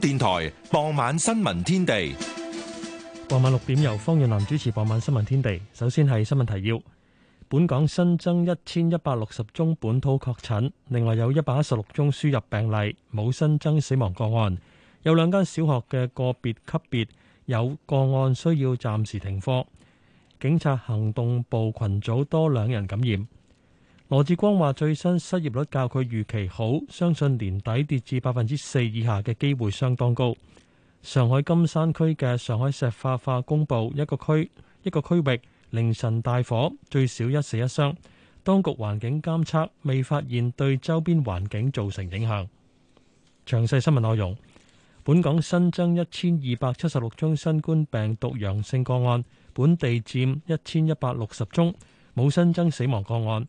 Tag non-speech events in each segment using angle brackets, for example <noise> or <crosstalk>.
電台傍晚新聞天地，傍晚六點由方潤南主持。傍晚新聞天地，首先係新聞提要。本港新增一千一百六十宗本土確診，另外有一百一十六宗輸入病例，冇新增死亡個案。有兩間小學嘅個別級別有個案需要暫時停課。警察行動部群組多兩人感染。羅志光話：最新失業率較佢預期好，相信年底跌至百分之四以下嘅機會相當高。上海金山區嘅上海石化化工部一個區一個區域凌晨大火，最少一死一傷，當局環境監測未發現對周邊環境造成影響。詳細新聞內容：本港新增一千二百七十六宗新冠病毒陽性個案，本地佔一千一百六十宗，冇新增死亡個案。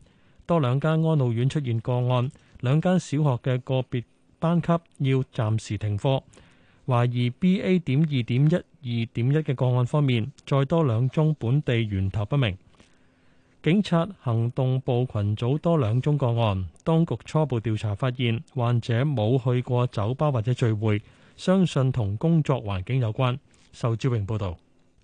多兩間安老院出現個案，兩間小學嘅個別班級要暫時停課。懷疑 B A 點二點一二點一嘅個案方面，再多兩宗本地源頭不明。警察行動部群組多兩宗個案，當局初步調查發現，患者冇去過酒吧或者聚會，相信同工作環境有關。仇志榮報導。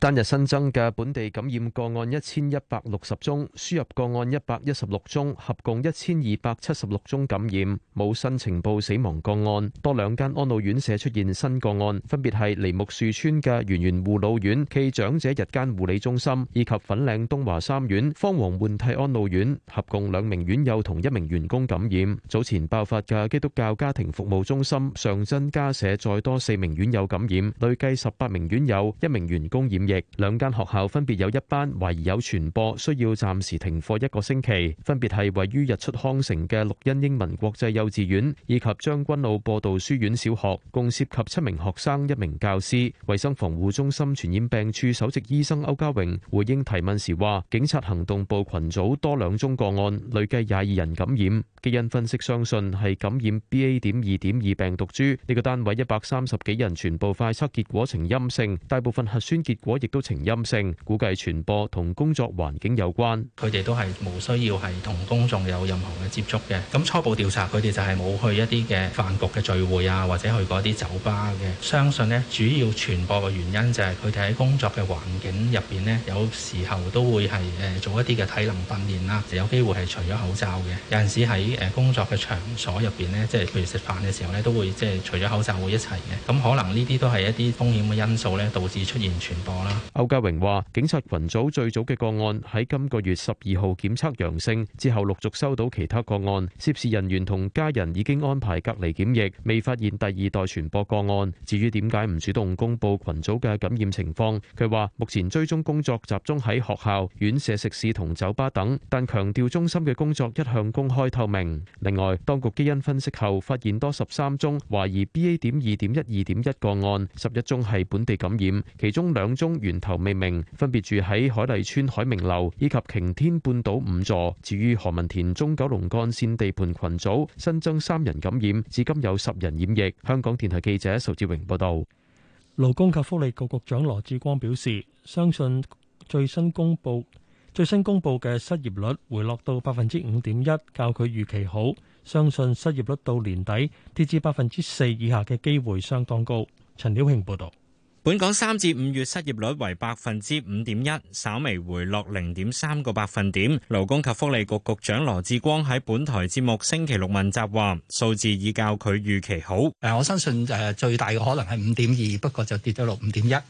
單日新增嘅本地感染個案一千一百六十宗，輸入個案一百一十六宗，合共一千二百七十六宗感染，冇新情報死亡個案，多兩間安老院舍出現新個案，分別係梨木樹村、圓圓護老院，暨長者日間護理中心，以及粉嶺東華三院、方黃換替安老院，合共兩名院友同一名員工感染。早前爆發嘅基督教家庭服務中心，上真家舍再多四名院友感染，累計十八名院友、一名員工染疫。兩間學校分別有一班懷疑有傳播，需要暫時停課一個星期。分別係位於日出康城嘅綠茵英文國際幼稚園以及將軍澳播道書院小學，共涉及七名學生、一名教師。衛生防護中心傳染病處首席醫生歐家榮回應提問時話，警察行動部群組多兩宗個案，累計廿二人感染。基因分析相信係感染 BA 點二點二病毒株。呢個單位一百三十幾人全部快測結果呈陰性，大部分核酸結果。亦都呈陰性，估計傳播同工作環境有關。佢哋都係無需要係同公眾有任何嘅接觸嘅。咁初步調查，佢哋就係冇去一啲嘅飯局嘅聚會啊，或者去嗰啲酒吧嘅。相信呢主要傳播嘅原因就係佢哋喺工作嘅環境入邊呢，有時候都會係誒做一啲嘅體能訓練啦，有機會係除咗口罩嘅。有陣時喺誒工作嘅場所入邊呢，即係譬如食飯嘅時候呢，都會即係除咗口罩會一齊嘅。咁可能呢啲都係一啲風險嘅因素咧，導致出現傳播。歐家榮話，警察群組最早嘅個案喺今個月十二號檢測陽性，之後陸續收到其他個案，涉事人員同家人已經安排隔離檢疫，未發現第二代傳播個案。至於點解唔主動公布群組嘅感染情況，佢話目前追蹤工作集中喺學校、院舍、食肆同酒吧等，但強調中心嘅工作一向公開透明。另外，當局基因分析後發現多十三宗懷疑 BA.2.12.1 個案，十一宗係本地感染，其中兩宗。源頭未明，分別住喺海麗邨海明樓以及擎天半島五座。至於何文田中九龍幹綫地盤群組新增三人感染，至今有十人染疫。香港電台記者仇志榮報道。勞工及福利局局長羅志光表示，相信最新公布最新公布嘅失業率回落到百分之五點一，較佢預期好。相信失業率到年底跌至百分之四以下嘅機會相當高。陳曉慶報道。本港三至五月失業率為百分之五點一，稍微回落零點三個百分點。勞工及福利局局長羅致光喺本台節目星期六問責話：數字已較佢預期好。誒，我相信誒最大嘅可能係五點二，不過就跌咗落五點一啊。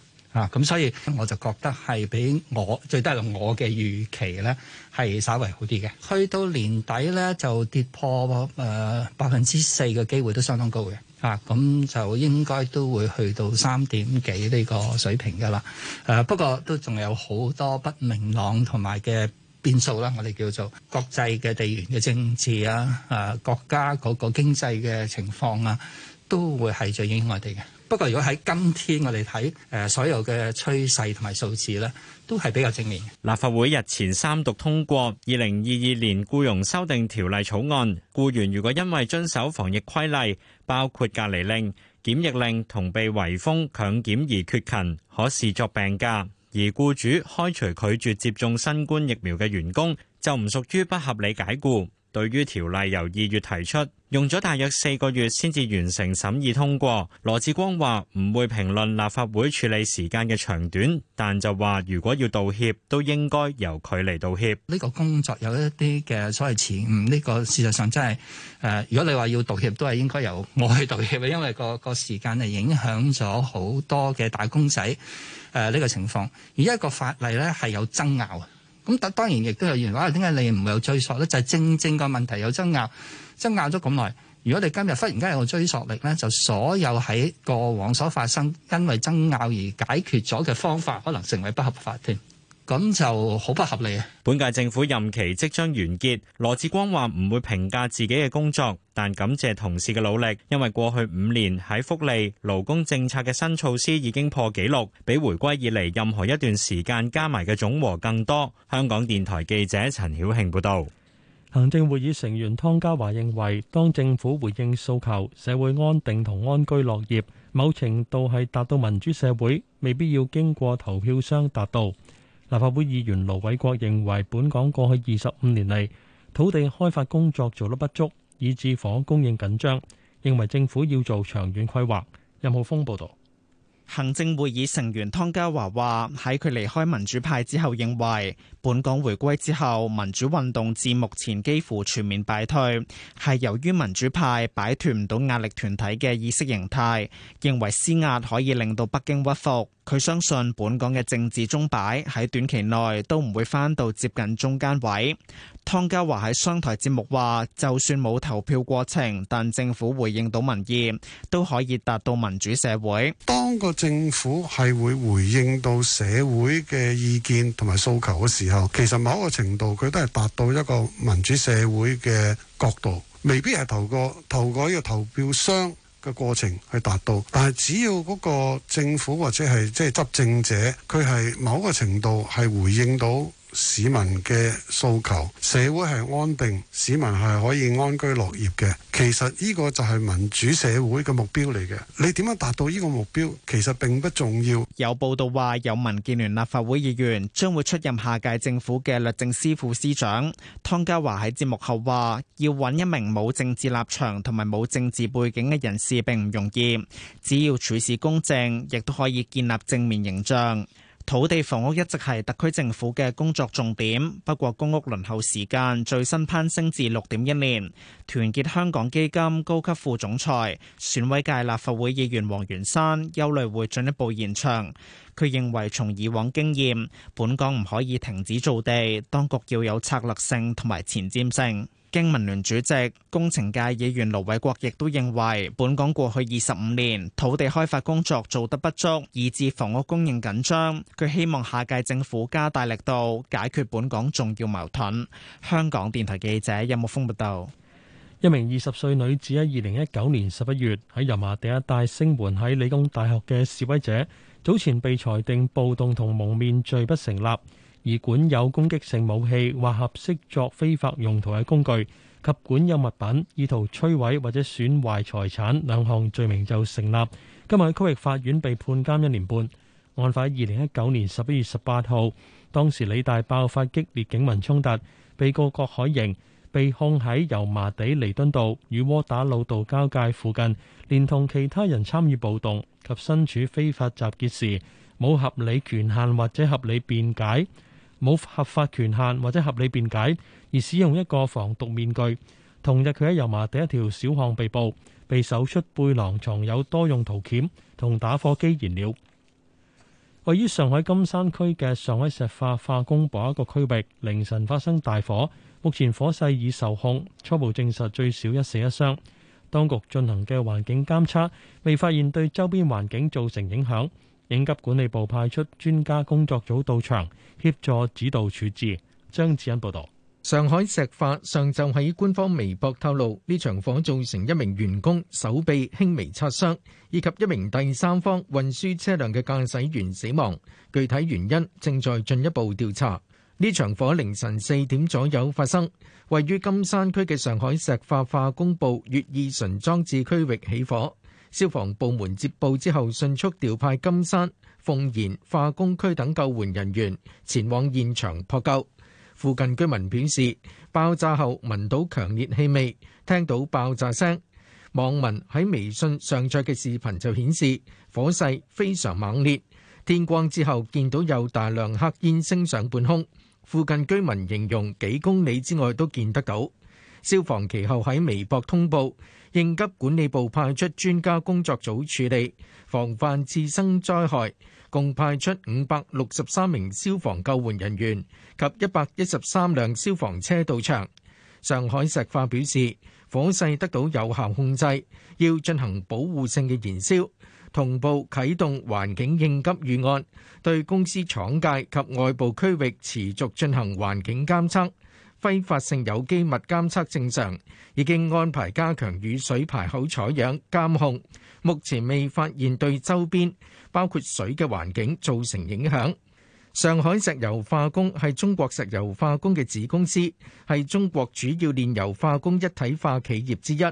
咁所以我就覺得係比我最低嘅我嘅預期咧係稍微好啲嘅。去到年底咧就跌破誒百分之四嘅機會都相當高嘅。啊，咁就應該都會去到三點幾呢個水平㗎喇。誒、啊，不過都仲有好多不明朗同埋嘅變數啦。我哋叫做國際嘅地緣嘅政治啊，誒、啊、國家嗰個經濟嘅情況啊。都會係最影響我哋嘅。不過，如果喺今天我哋睇誒所有嘅趨勢同埋數字咧，都係比較正面嘅。立法會日前三讀通過《二零二二年僱傭修訂條例草案》，僱員如果因為遵守防疫規例，包括隔離令、檢疫令同被圍封強檢而缺勤，可視作病假；而僱主開除拒絕接種新冠疫苗嘅員工，就唔屬於不合理解僱。對於條例由二月提出，用咗大約四個月先至完成審議通過。羅致光話唔會評論立法會處理時間嘅長短，但就話如果要道歉，都應該由佢嚟道歉。呢個工作有一啲嘅所謂前，呢、這個事實上真係誒、呃。如果你話要道歉，都係應該由我去道歉，因為個個時間係影響咗好多嘅打工仔。誒、呃、呢、這個情況而家一個法例咧係有爭拗。咁當然亦都有原因，話點解你唔有追溯咧？就係、是、正正個問題有爭拗，爭拗咗咁耐。如果你今日忽然間有個追溯力咧，就所有喺過往所發生因為爭拗而解決咗嘅方法，可能成為不合法添。咁就好不合理啊！本屆政府任期即將完結，羅致光話唔會評價自己嘅工作，但感謝同事嘅努力。因為過去五年喺福利勞工政策嘅新措施已經破紀錄，比回歸以嚟任何一段時間加埋嘅總和更多。香港電台記者陳曉慶報道。行政會議成員湯家驊認為，當政府回應訴求，社會安定同安居樂業，某程度係達到民主社會，未必要經過投票箱達到。立法會議員盧偉國認為，本港過去二十五年嚟土地開發工作做得不足，以致房供應緊張。認為政府要做長遠規劃。任浩峰報導。行政會議成員湯家驊話：喺佢離開民主派之後，認為本港回歸之後民主運動至目前幾乎全面敗退，係由於民主派擺脱唔到壓力團體嘅意識形態，認為施壓可以令到北京屈服。佢相信本港嘅政治鐘擺喺短期內都唔會返到接近中間位。湯家驊喺商台節目話：就算冇投票過程，但政府回應到民意都可以達到民主社會。當個。政府係會回應到社會嘅意見同埋訴求嘅時候，其實某一個程度佢都係達到一個民主社會嘅角度，未必係投過投過一個投票箱嘅過程去達到。但係只要嗰個政府或者係即係執政者，佢係某一個程度係回應到。市民嘅訴求，社會係安定，市民係可以安居樂業嘅。其實呢個就係民主社會嘅目標嚟嘅。你點樣達到呢個目標，其實並不重要。有報道話，有民建聯立法會議員將會出任下屆政府嘅律政司副司長。湯家驊喺節目後話：要搵一名冇政治立場同埋冇政治背景嘅人士並唔容易。只要處事公正，亦都可以建立正面形象。土地房屋一直係特區政府嘅工作重點，不過公屋輪候時間最新攀升至六點一年。團結香港基金高級副總裁、選委界立法會議員黃元山憂慮會進一步延長。佢認為從以往經驗，本港唔可以停止造地，當局要有策略性同埋前瞻性。經民聯主席、工程界議員盧偉國亦都認為，本港過去二十五年土地開發工作做得不足，以致房屋供應緊張。佢希望下屆政府加大力度解決本港重要矛盾。香港電台記者任木峰報道：有有一名二十歲女子喺二零一九年十一月喺油麻地一帶聲援喺理工大學嘅示威者，早前被裁定暴動同蒙面罪不成立。而管有攻擊性武器或合適作非法用途嘅工具及管有物品，意圖摧毀或者損壞財產兩項罪名就成立。今日喺區域法院被判監一年半。案發喺二零一九年十一月十八號，當時理大爆發激烈警民衝突，被告郭海瑩被控喺油麻地彌敦道與窩打老道交界附近，連同其他人參與暴動及身處非法集結時，冇合理權限或者合理辯解。冇合法權限或者合理辯解，而使用一個防毒面具。同日，佢喺油麻地一條小巷被捕，被搜出背囊藏有多用途鉗同打火機燃料。位於上海金山區嘅上海石化化工部一個區域，凌晨發生大火，目前火勢已受控，初步證實最少一死一傷。當局進行嘅環境監測，未發現對周邊環境造成影響。應急管理部派出專家工作組到場協助指導處置。張子欣報道。上海石化上晝喺官方微博透露，呢場火造成一名員工手臂輕微擦傷，以及一名第三方運輸車輛嘅駕駛員死亡，具體原因正在進一步調查。呢場火凌晨四點左右發生，位於金山區嘅上海石化化工部乙二醇裝置區域起火。消防部門接報之後迅速調派金山、奉賢、化工區等救援人員，前往現場撲救。附近居民表示，爆炸後聞到強烈氣味，聽到爆炸聲。網民喺微信上載嘅視頻就顯示，火勢非常猛烈，天光之後見到有大量黑煙升上半空，附近居民形容幾公里之外都見得到。消防其後喺微博通報應急管理部派出專家工作組處理防範次生災害，共派出五百六十三名消防救援人員及一百一十三輛消防車到場。上海石化表示，火勢得到有效控制，要進行保護性嘅燃燒，同步啟動環境應急預案，對公司廠界及外部區域持續進行環境監測。揮發性有機物監測正常，已經安排加強雨水排口採樣監控，目前未發現對周邊包括水嘅環境造成影響。上海石油化工係中國石油化工嘅子公司，係中國主要煉油化工一體化企業之一。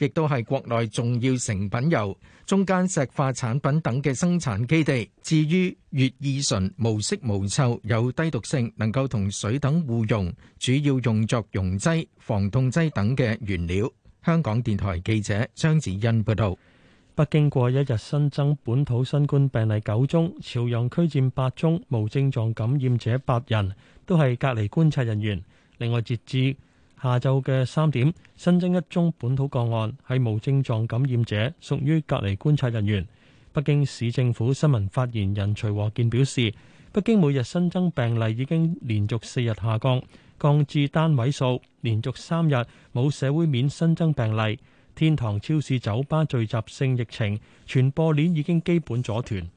亦都係國內重要成品油、中間石化產品等嘅生產基地。至於乙二醇，無色無臭，有低毒性，能夠同水等互溶，主要用作溶劑、防凍劑等嘅原料。香港電台記者張子欣報道：「北京過一日新增本土新冠病例九宗，朝陽區佔八宗，無症狀感染者八人，都係隔離觀察人員。另外截至下晝嘅三點，新增一宗本土個案係無症狀感染者，屬於隔離觀察人員。北京市政府新聞發言人徐和建表示，北京每日新增病例已經連續四日下降，降至單位數，連續三日冇社會面新增病例。天堂超市酒吧聚集性疫情傳播鏈已經基本阻斷。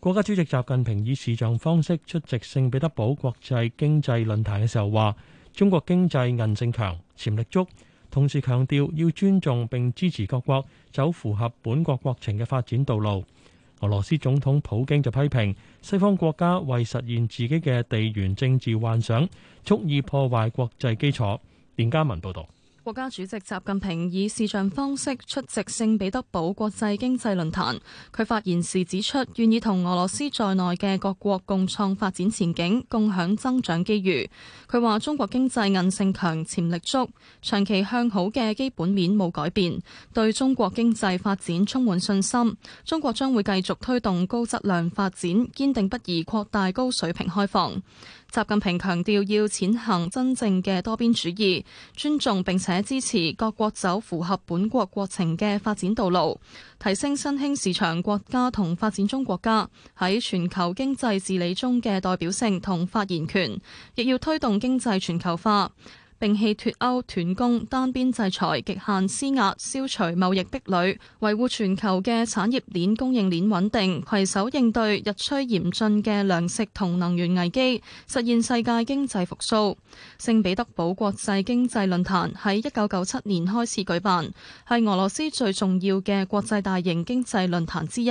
國家主席習近平以視像方式出席聖彼得堡國際經濟論壇嘅時候話。中國經濟韌性強、潛力足，同時強調要尊重並支持各國走符合本國國情嘅發展道路。俄羅斯總統普京就批評西方國家為實現自己嘅地緣政治幻想，蓄意破壞國際基礎。連家文報道。國家主席習近平以視像方式出席聖彼得堡國際經濟論壇。佢發言時指出，願意同俄羅斯在內嘅各國共創發展前景，共享增長機遇。佢話：中國經濟韌性強，潛力足，長期向好嘅基本面冇改變，對中國經濟發展充滿信心。中國將會繼續推動高質量發展，堅定不移擴大高水平開放。習近平強調要踐行真正嘅多邊主義，尊重並且支持各國走符合本國國情嘅發展道路，提升新興市場國家同發展中國家喺全球經濟治理中嘅代表性同發言權，亦要推動經濟全球化。摒棄脫歐、斷供、單邊制裁、極限施壓、消除貿易壁壘，維護全球嘅產業鏈、供應鏈穩定，攜手應對日趨嚴峻嘅糧食同能源危機，實現世界經濟復甦。聖彼得堡國際經濟論壇喺一九九七年開始舉辦，係俄羅斯最重要嘅國際大型經濟論壇之一。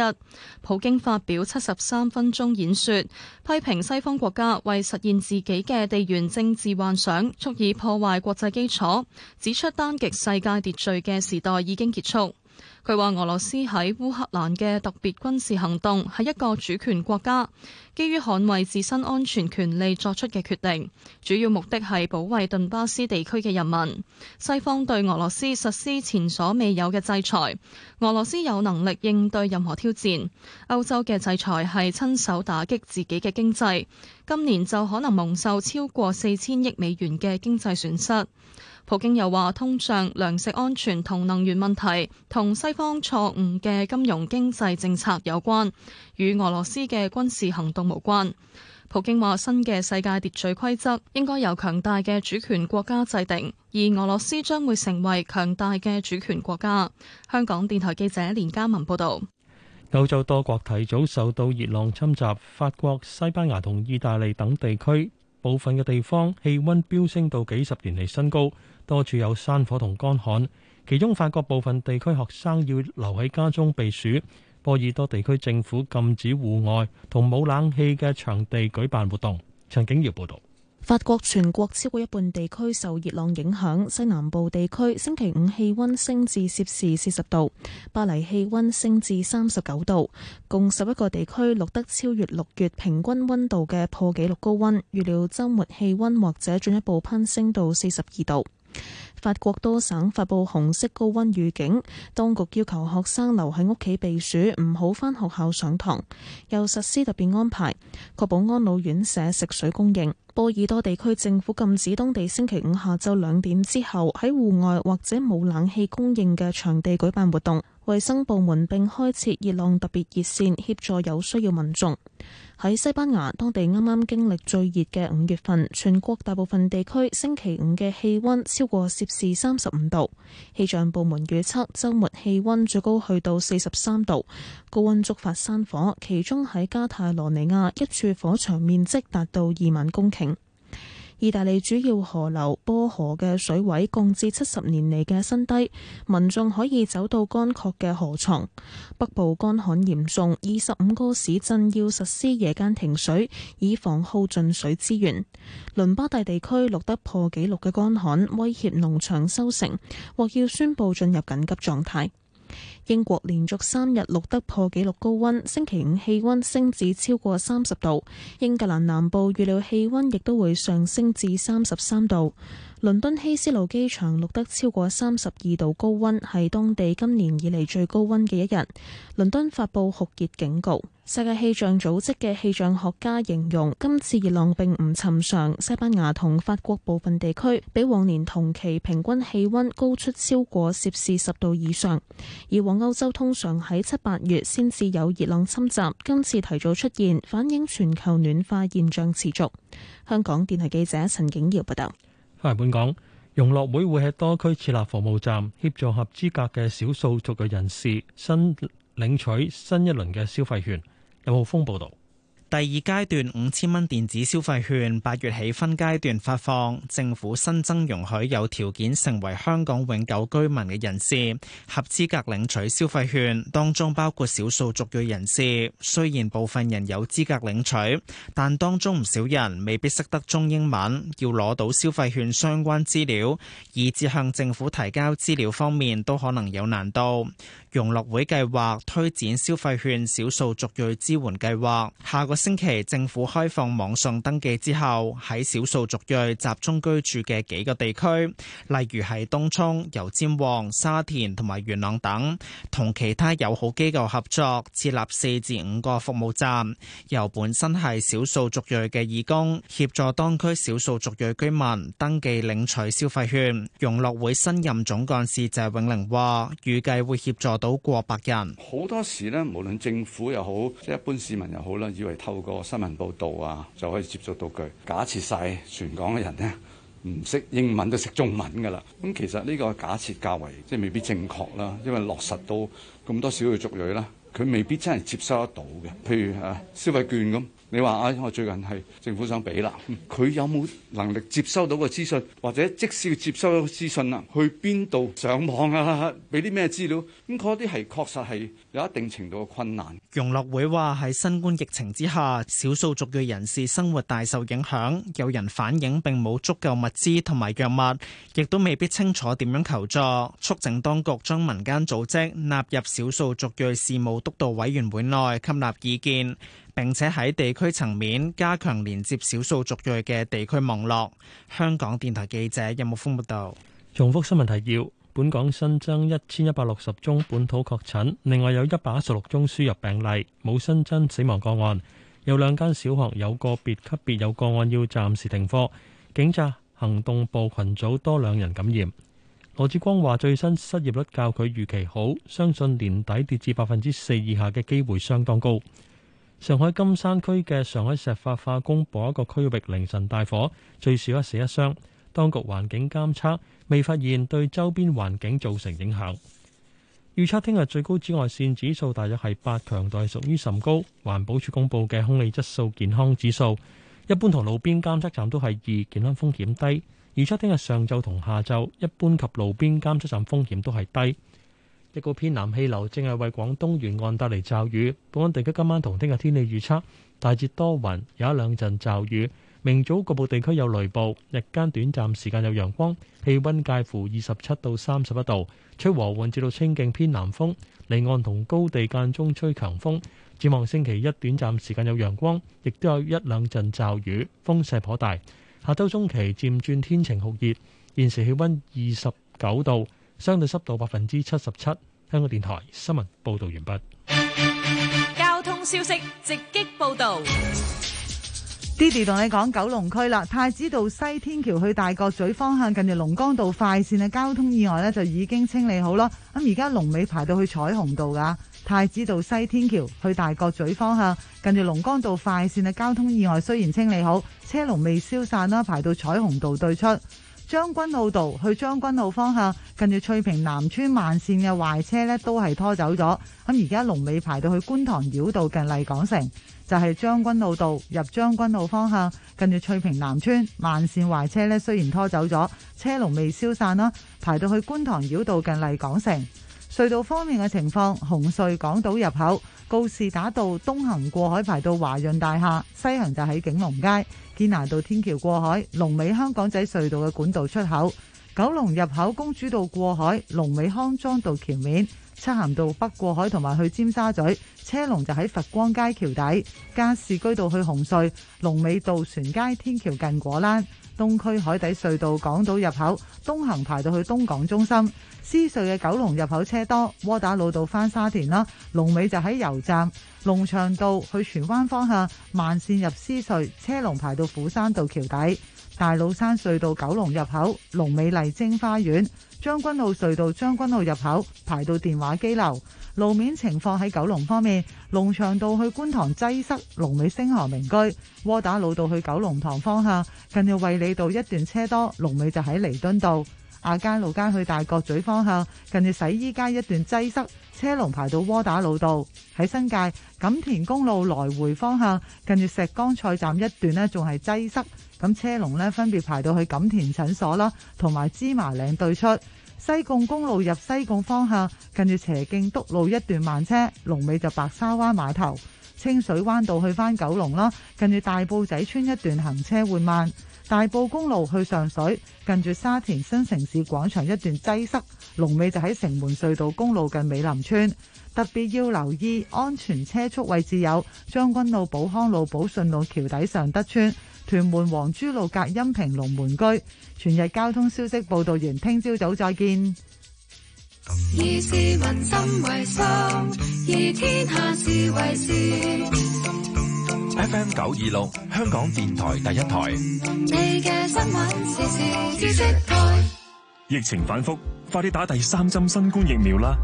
普京發表七十三分鐘演說，批評西方國家為實現自己嘅地緣政治幻想，蓄意破壞國際基礎，指出單極世界秩序嘅時代已經結束。佢話：俄羅斯喺烏克蘭嘅特別軍事行動係一個主權國家，基於捍衛自身安全權利作出嘅決定，主要目的係保衛頓巴斯地區嘅人民。西方對俄羅斯實施前所未有嘅制裁，俄羅斯有能力應對任何挑戰。歐洲嘅制裁係親手打擊自己嘅經濟，今年就可能蒙受超過四千億美元嘅經濟損失。普京又話：通脹、糧食安全同能源問題同西西方錯誤嘅金融經濟政策有關，與俄羅斯嘅軍事行動無關。普京話：新嘅世界秩序規則應該由強大嘅主權國家制定，而俄羅斯將會成為強大嘅主權國家。香港電台記者連家文報道，歐洲多國提早受到熱浪侵襲，法國、西班牙同意大利等地區部分嘅地方氣温飆升到幾十年嚟新高，多處有山火同乾旱。其中，法國部分地區學生要留喺家中避暑。波爾多地區政府禁止戶外同冇冷氣嘅場地舉辦活動。陳景遙報道。法國全國超過一半地區受熱浪影響，西南部地區星期五氣温升至攝氏四十度，巴黎氣温升至三十九度，共十一個地區錄得超越六月平均温度嘅破紀錄高温。預料周末氣温或者進一步攀升到四十二度。法國多省發布紅色高温預警，當局要求學生留喺屋企避暑，唔好翻學校上堂，又實施特別安排，確保安老院舍食水供應。波爾多地區政府禁止當地星期五下晝兩點之後喺戶外或者冇冷氣供應嘅場地舉辦活動。衛生部門並開設熱浪特別熱線，協助有需要民眾。喺西班牙，當地啱啱經歷最熱嘅五月份，全國大部分地區星期五嘅氣温超過攝氏三十五度。氣象部門預測，週末氣温最高去到四十三度，高温觸發山火，其中喺加泰羅尼亞，一處火場面積達到二萬公頃。意大利主要河流波河嘅水位降至七十年嚟嘅新低，民眾可以走到乾涸嘅河床。北部乾旱嚴重，二十五個市鎮要實施夜間停水，以防耗盡水資源。倫巴第地區錄得破紀錄嘅乾旱，威脅農場收成，或要宣布進入緊急狀態。英國連續三日錄得破紀錄高温，星期五氣溫升至超過三十度，英格蘭南部預料氣溫亦都會上升至三十三度。倫敦希斯路機場錄得超過三十二度高温，係當地今年以嚟最高温嘅一日。倫敦發佈酷熱警告。世界氣象組織嘅氣象學家形容，今次熱浪並唔尋常。西班牙同法國部分地區比往年同期平均氣溫高出超過攝氏十度以上。以往歐洲通常喺七八月先至有熱浪侵襲，今次提早出現，反映全球暖化現象持續。香港電台記者陳景耀報道。喺本港，融樂會會喺多區設立服務站，協助合資格嘅少數族裔人士新領取新一輪嘅消費券。任浩峰報道。第二階段五千蚊電子消費券八月起分階段發放，政府新增容許有條件成為香港永久居民嘅人士合資格領取消費券，當中包括少數族裔人士。雖然部分人有資格領取，但當中唔少人未必識得中英文，要攞到消費券相關資料，以致向政府提交資料方面都可能有難度。融樂會計劃推展消費券少數族裔支援計劃，下個星期政府開放網上登記之後，喺少數族裔集中居住嘅幾個地區，例如係東涌、油尖旺、沙田同埋元朗等，同其他友好機構合作設立四至五個服務站，由本身係少數族裔嘅義工協助當區少數族裔居民登記領取消費券。融樂會新任總幹事謝永玲話預計會協助到過百人。好多時咧，無論政府又好，即係一般市民又好啦，以為。透過新聞報導啊，就可以接觸到佢。假設晒全港嘅人咧，唔識英文都識中文㗎喇。咁其實呢個假設較為即係未必正確啦，因為落實到咁多少嘅族裔啦，佢未必真係接收得到嘅。譬如誒消費券咁。你話啊、哎，我最近係政府想俾啦，佢、嗯、有冇能力接收到個資訊，或者即使接收到資訊啦，去邊度上網啊，俾啲咩資料？咁嗰啲係確實係有一定程度嘅困難。容樂會話喺新冠疫情之下，少數族裔人士生活大受影響，有人反映並冇足夠物資同埋藥物，亦都未必清楚點樣求助。促請當局將民間組織納入少數族裔事務督導委員會內，吸納意見。並且喺地區層面加強連接少數族裔嘅地區網絡。香港電台記者任木豐報道。重複新聞提要：本港新增一千一百六十宗本土確診，另外有一百一十六宗輸入病例，冇新增死亡個案。有兩間小學有個別級別有個案要暫時停課。警察行動部群組多兩人感染。羅致光話：最新失業率較佢預期好，相信年底跌至百分之四以下嘅機會相當高。上海金山區嘅上海石化化工部一個區域凌晨大火，最少一死一傷。當局環境監測未發現對周邊環境造成影響。預測聽日最高紫外線指數大約係八，強度係屬於甚高。環保署公布嘅空氣質素健康指數，一般同路邊監測站都係二，健康風險低。預測聽日上晝同下晝，一般及路邊監測站風險都係低。一個偏南氣流正係為廣東沿岸帶嚟驟雨。本港地區今晚同聽日天氣預測，大致多雲，有一兩陣驟雨。明早局部地區有雷暴，日間短暫時間有陽光，氣温介乎二十七到三十一度，吹和緩至到清勁偏南風。離岸同高地間中吹強風。展望星期一短暫時間有陽光，亦都有一兩陣驟雨，風勢頗大。下周中期漸轉天晴酷熱，現時氣温二十九度。相對濕度百分之七十七。香港電台新聞報道完畢。交通消息直擊報道，Diddy 同你講九龍區啦，太子道西天橋去大角咀方向，近住龍江道快線嘅交通意外呢，就已經清理好咯。咁而家龍尾排到去彩虹道噶，太子道西天橋去大角咀方向，近住龍江道快線嘅交通意外雖然清理好，車龍未消散啦，排到彩虹道對出。將軍澳道去將軍澳方向，跟住翠屏南村慢綫嘅壞車咧，都係拖走咗。咁而家龍尾排到去觀塘繞道近麗港城，就係將軍澳道入將軍澳方向，跟住翠屏南村慢綫壞車呢，雖然拖走咗，車龍未消散啦，排到去觀塘繞道近麗港城。隧道方面嘅情況，紅隧港島入口。告士打道東行過海排到華潤大廈，西行就喺景隆街、堅拿道天橋過海，龍尾香港仔隧道嘅管道出口。九龍入口公主道過海，龍尾康莊道橋面；漆咸道北過海同埋去尖沙咀，車龍就喺佛光街橋底；加士居道去紅隧，龍尾渡船街天橋近果欄；東區海底隧道港島入口東行排到去東港中心，獅隧嘅九龍入口車多，窩打老道翻沙田啦，龍尾就喺油站；龍翔道去荃灣方向慢線入獅隧，車龍排到斧山道橋底。大老山隧道九龍入口、龍尾麗晶花園、將軍澳隧道將軍澳入口排到電話機樓。路面情況喺九龍方面，龍翔道去觀塘擠塞，龍尾星河名居；窩打老道去九龍塘方向，近日衛理道一段車多，龍尾就喺彌敦道。亞皆老街去大角咀方向，近住洗衣街一段擠塞，車龍排到窩打老道。喺新界錦田公路來回方向，近住石崗菜站一段呢，仲係擠塞，咁車龍呢，分別排到去錦田診所啦，同埋芝麻嶺對出。西貢公路入西貢方向，近住斜徑篤路一段慢車，龍尾就白沙灣碼頭。清水灣道去翻九龍啦，近住大埔仔村一段行車緩慢。大埔公路去上水，近住沙田新城市廣場一段擠塞，龍尾就喺城門隧道公路近美林村。特別要留意安全車速位置有將軍路、寶康路、寶順路、橋底上德村、屯門黃珠路、隔音屏龍門居。全日交通消息報道完，聽朝早再見。以 FM 九二六，香港電台第一台。疫情反復，快啲打第三針新冠疫苗啦！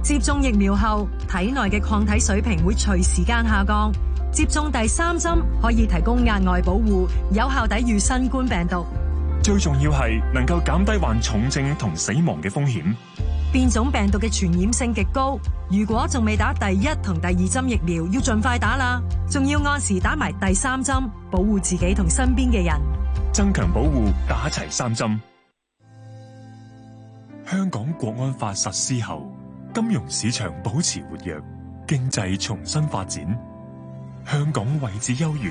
接種疫苗後，體內嘅抗體水平會隨時間下降，接種第三針可以提供額外保護，有效抵禦新冠病毒。最重要係能夠減低患重症同死亡嘅風險。變種病毒嘅傳染性極高，如果仲未打第一同第二針疫苗，要盡快打啦！仲要按時打埋第三針，保護自己同身邊嘅人，增強保護，打齊三針。香港國安法實施後，金融市場保持活躍，經濟重新發展。香港位置優越，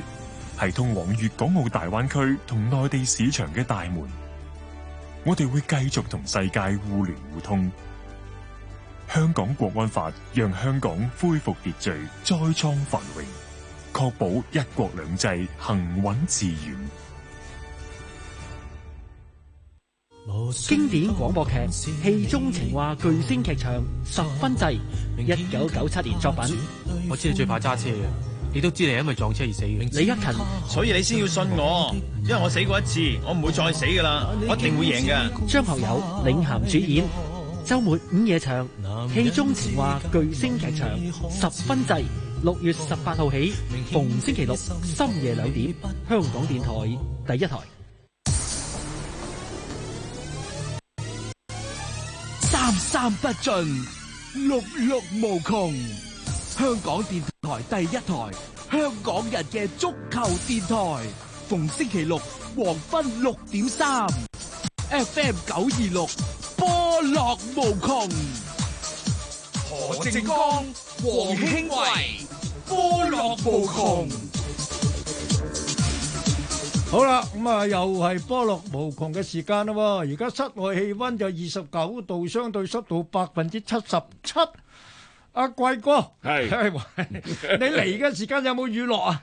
係通往粵港澳大灣區同內地市場嘅大門。我哋會繼續同世界互聯互通。香港國安法讓香港恢復秩序、再創繁榮，確保一國兩制行穩致遠。經典廣播劇《戲中情話》巨星劇場十分制，一九九七年作品。 <noise> 我知你最怕揸車。你都知你係因為撞車而死嘅，李一勤，所以你先要信我，因為我死過一次，我唔會再死噶啦，我一定會贏嘅。張學友領銜主演，周末午、午夜場，戲中情話，巨星劇場，十分制，六月十八號起，逢星期六深夜兩點，香港電台第一台。三三不盡，六六無窮。香港電台第一台，香港人嘅足球電台，逢星期六黃昏六點三，FM 九二六，波樂無窮。何正剛、黃興偉，波樂無窮。好啦，咁啊，又係波樂無窮嘅時間啦。而家室外氣温就二十九度，相對濕度百分之七十七。阿貴，啊、哥，係，你嚟嘅時間有冇雨落啊？